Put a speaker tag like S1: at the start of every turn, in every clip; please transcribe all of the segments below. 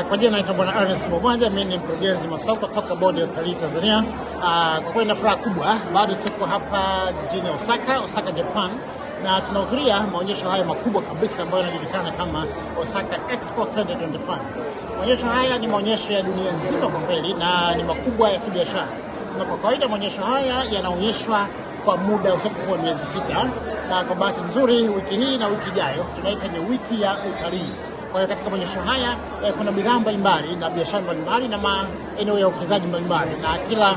S1: Ah, kwa jina naitwa Bwana Ernest Mwamoja, mimi ni mkurugenzi masoko toka bodi ya utalii Tanzania. Ah, kwa kweli na furaha kubwa, bado tuko hapa jijini Osaka, Osaka Japan, na tunahudhuria maonyesho haya makubwa kabisa ambayo yanajulikana kama Osaka Expo 2025. Maonyesho haya ni maonyesho ya dunia nzima kwa kweli na ni makubwa ya kibiashara, na kwa kawaida maonyesho haya yanaonyeshwa kwa muda usiokuwa miezi sita, na kwa bahati nzuri wiki hii na wiki ijayo tunaita ni wiki ya utalii. Kwa hiyo katika maonyesho haya e, kuna bidhaa mbalimbali na biashara mbalimbali na maeneo ya uwekezaji mbalimbali na kila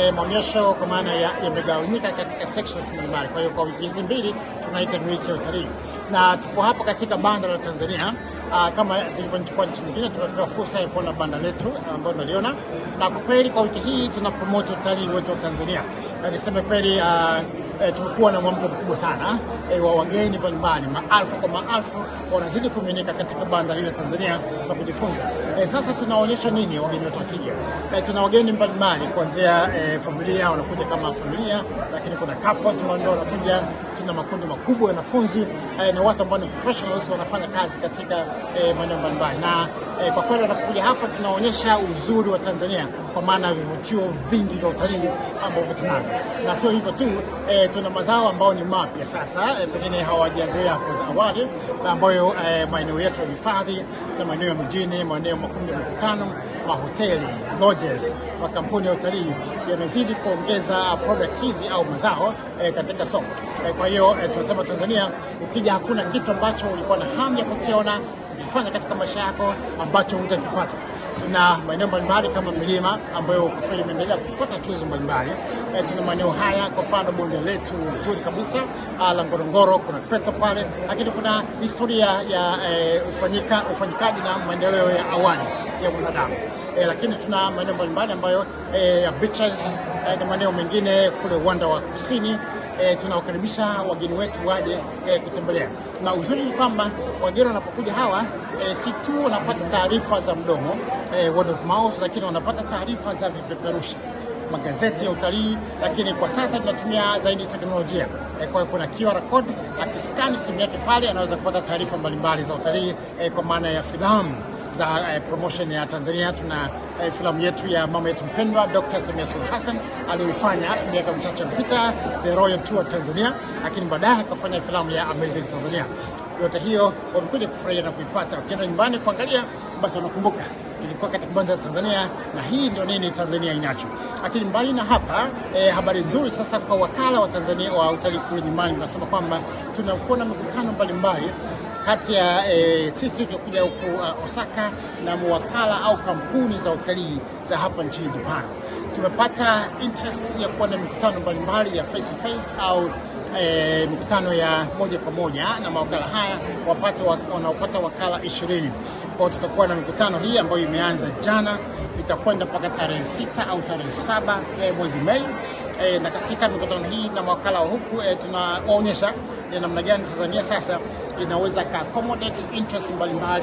S1: e, maonyesho kwa maana yamegawanyika ya katika sections mbalimbali. Kwa hiyo kwa wiki hizi mbili tunaita wiki ya utalii, na tuko hapa katika banda la Tanzania. Aa, ah, kama zilivyochukua nchi nyingine tunapewa fursa ya kuona banda letu ambayo tunaliona, na kwa kweli kwa wiki hii tuna promote utalii wetu wa Tanzania, na niseme kweli uh, e, tumekuwa na mwamko mkubwa sana e, wa wageni mbalimbali, maalfu kwa maalfu wanazidi kumiminika katika banda hili la Tanzania na kujifunza. E, sasa tunaonyesha nini wageni wetu wakija? E, tuna wageni mbalimbali kuanzia e, familia wanakuja kama familia, lakini kuna couples ambao wanakuja kuna makundi makubwa ya wanafunzi eh, na watu ambao ni professionals wanafanya kazi katika eh, maeneo mbalimbali, na eh, kwa kweli wanapokuja hapa tunaonyesha uzuri wa Tanzania kwa maana ya vivutio vingi vya utalii ambavyo tunavyo, na sio hivyo tu eh, tuna mazao ambayo ni mapya sasa eh, pengine hawajazoea kwa awali, ambayo eh, maeneo yetu ya hifadhi na maeneo ya mjini, maeneo makundi ya mikutano mahoteli, lodges, makampuni ya utalii yanazidi kuongeza products hizi au mazao e, katika soko e, kwa hiyo e, tunasema Tanzania, ukija hakuna kitu ambacho ulikuwa na hamu ya kukiona ukifanya katika maisha yako ambacho hutakipata tuna maeneo mbalimbali kama milima ambayo kwa kweli imeendelea kupata tuzo mbalimbali. E, tuna maeneo haya, kwa mfano bonde letu zuri kabisa ah, la Ngorongoro, kuna kreta pale, lakini kuna historia ya e, ufanyika ufanyikaji na maendeleo ya awali ya mwanadamu. E, lakini tuna maeneo mbalimbali ambayo ya beaches e, na maeneo mengine kule uwanda wa kusini e, tunawakaribisha wageni wetu waje e, kutembelea. Na uzuri ni kwamba wageni wanapokuja hawa e, si tu wanapata taarifa za mdomo e, word of mouth, lakini wanapata taarifa za vipeperushi magazeti ya utalii, lakini kwa sasa tunatumia zaidi teknolojia. Kwa kuna QR code, akiskani simu yake pale anaweza kupata taarifa mbalimbali za utalii kwa maana ya filamu za eh, promotion ya Tanzania. Tuna eh, filamu yetu ya mama yetu mpendwa Dr. Samia Suluhu Hassan aliyoifanya miaka michache mpita, The Royal Tour Tanzania, lakini baadaye akafanya filamu ya Amazing Tanzania. Yote hiyo wamekuja kufurahia na kuipata, wakienda nyumbani kuangalia, basi wanakumbuka ilikuwa katika kwanza Tanzania na hii ndio nini Tanzania inacho. Lakini mbali na hapa e, habari nzuri sasa kwa wakala wa Tanzania wa utalii kule nyumbani, tunasema kwamba tunakuwa na mikutano mbalimbali kati ya e, sisi tuliokuja huku uh, Osaka na mwakala au kampuni za utalii za hapa nchini Japan. Tumepata interest ya kuwa na mikutano mbalimbali ya face to face au E, mikutano ya moja kwa moja na mawakala haya wanaopata wakala ishirini. Kwa tutakuwa na mikutano hii ambayo imeanza jana itakwenda mpaka tarehe sita au tarehe saba e, mwezi Mei e, na katika mikutano hii na mawakala wa huku e, tunawaonyesha namna gani Tanzania sasa inaweza ka accommodate interest mbalimbali.